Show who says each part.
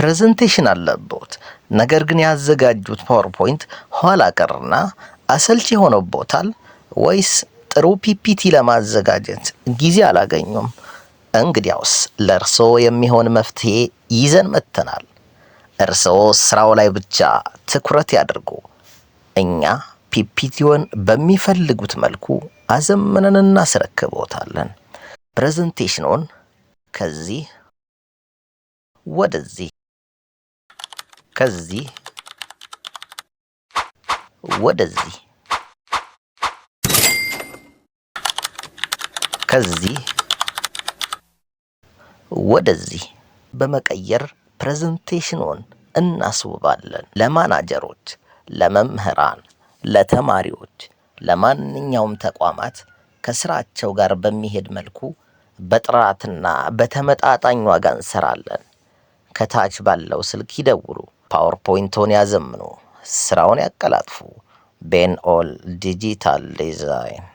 Speaker 1: ፕሬዘንቴሽን አለቦት። ነገር ግን ያዘጋጁት ፓወርፖይንት ኋላ ቀርና አሰልቺ ሆኖቦታል፣ ወይስ ጥሩ ፒፒቲ ለማዘጋጀት ጊዜ አላገኙም? እንግዲያውስ ለእርስዎ የሚሆን መፍትሄ ይዘን መጥተናል። እርስዎ ስራው ላይ ብቻ ትኩረት ያድርጉ። እኛ ፒፒቲውን በሚፈልጉት መልኩ አዘምነን እናስረክቦታለን። ፕሬዘንቴሽኑን ከዚህ ወደዚህ ከዚህ ወደዚህ ከዚህ ወደዚህ በመቀየር ፕሬዘንቴሽኑን እናስውባለን። ለማናጀሮች፣ ለመምህራን፣ ለተማሪዎች፣ ለማንኛውም ተቋማት ከስራቸው ጋር በሚሄድ መልኩ በጥራትና በተመጣጣኝ ዋጋ እንሰራለን። ከታች ባለው ስልክ ይደውሉ። ፓወርፖይንቶን ያዘምኑ፣ ስራውን ያቀላጥፉ። ቤን ኦል ዲጂታል ዲዛይን